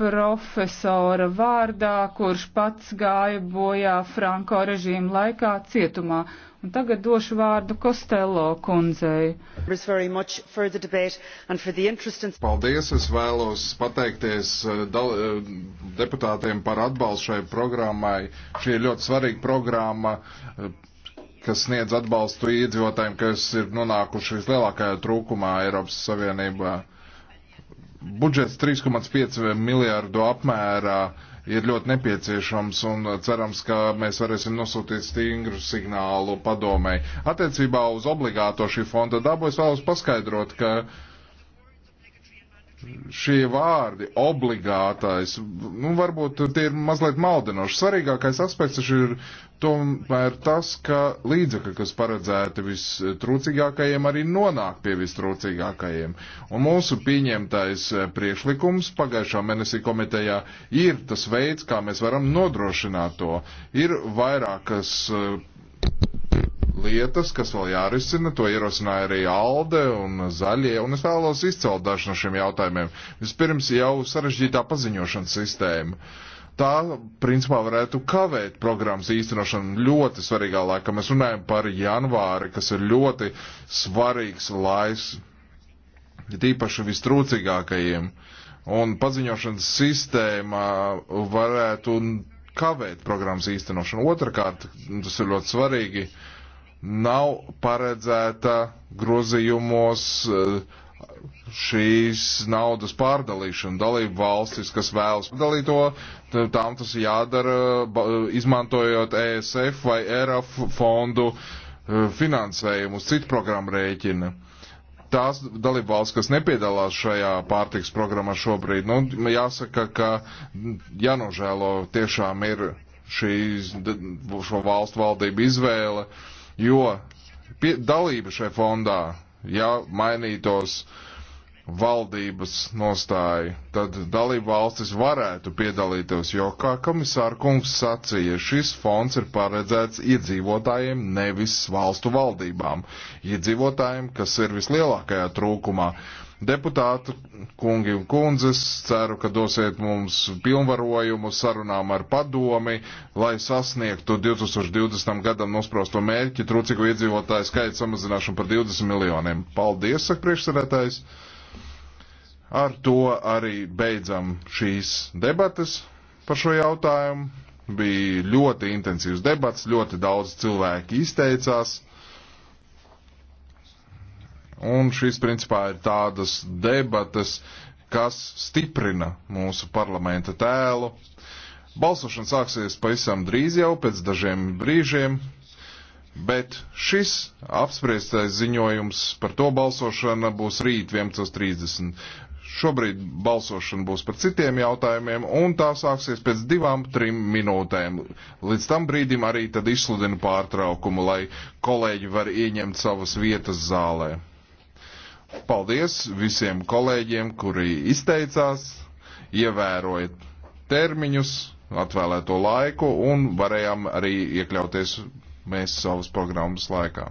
profesora vārdā, kurš pats gāja bojā Franko režīmu laikā cietumā. Un tagad došu vārdu Kostello kundzei. Paldies, es vēlos pateikties eh, dal, eh, deputātiem par atbalstu šai programmai. Šī ir ļoti svarīga programma eh, kas sniedz atbalstu iedzīvotājiem, kas ir nonākuši vislielākajā trūkumā Eiropas Savienībā. Uh, budžets 3,5 miljārdu apmērā ir ļoti nepieciešams un cerams, ka mēs varēsim nosūtīt stingru signālu padomē. Attiecībā uz obligāto šī fonda dabu es vēlos paskaidrot, ka uh, šie vārdi, obligātais, nu, varbūt tie ir mazliet maldinoši. Svarīgākais aspekts ir tomēr tas, ka līdzekļi, kas paredzēti vistrūcīgākajiem, arī nonāk pie vistrūcīgākajiem. Un mūsu pieņemtais priekšlikums pagājušā mēnesī komitejā ir tas veids, kā mēs varam nodrošināt to. Ir vairākas lietas, kas vēl jārisina, to ierosināja arī Alde un Zaļie, un es vēlos izcelt dažu no šiem jautājumiem. Vispirms jau sarežģītā paziņošanas sistēma. Tā, principā, varētu kavēt programmas īstenošanu ļoti svarīgā laikā. Mēs runājam par janvāri, kas ir ļoti svarīgs laiks, tīpaši vistrūcīgākajiem. Un paziņošanas sistēma varētu kavēt programmas īstenošanu. Otrakārt, tas ir ļoti svarīgi, uh, nav paredzēta grozījumos eh, šīs naudas pārdalīšana dalību valstis, kas vēlas padalīt to, tām tas jādara izmantojot ESF vai ERAF fondu eh, finansējumu uz citu programmu rēķina. Tās dalību valsts, kas nepiedalās šajā pārtiks programmā šobrīd, nu, jāsaka, ka jānožēlo tiešām ir šīs, šo valstu valdību izvēle. Uh, jo pie, dalība šai fondā, ja mainītos valdības nostāja, tad dalība valstis varētu piedalīties, jo, kā komisāra kungs sacīja, šis fonds ir paredzēts iedzīvotājiem, nevis valstu valdībām. Iedzīvotājiem, kas ir vislielākajā trūkumā. Uh, Deputātu kungi un kundzes, ceru, ka dosiet mums pilnvarojumu sarunām ar padomi, lai sasniegtu 2020. gadam nosprosto mērķi trūcīgo iedzīvotāju skaitu samazināšanu par 20 miljoniem. Paldies, saka priekšsarētājs. Ar to arī beidzam šīs debates par šo jautājumu. Bija ļoti intensīvs debats, ļoti daudz cilvēki izteicās. Un šīs principā ir tādas debatas, kas stiprina mūsu parlamenta tēlu. Balsošana sāksies pavisam drīz jau pēc dažiem brīžiem, bet šis apspriestais ziņojums par to balsošana būs rīt 11.30. Šobrīd balsošana būs par citiem jautājumiem, un tā sāksies pēc divām, trim minūtēm. Līdz tam brīdim arī tad izsludinu pārtraukumu, lai kolēģi var ieņemt savas vietas zālē. Paldies visiem kolēģiem, kuri izteicās, ievēroja termiņus, atvēlēto laiku un varējām arī iekļauties mēs savas programmas laikā.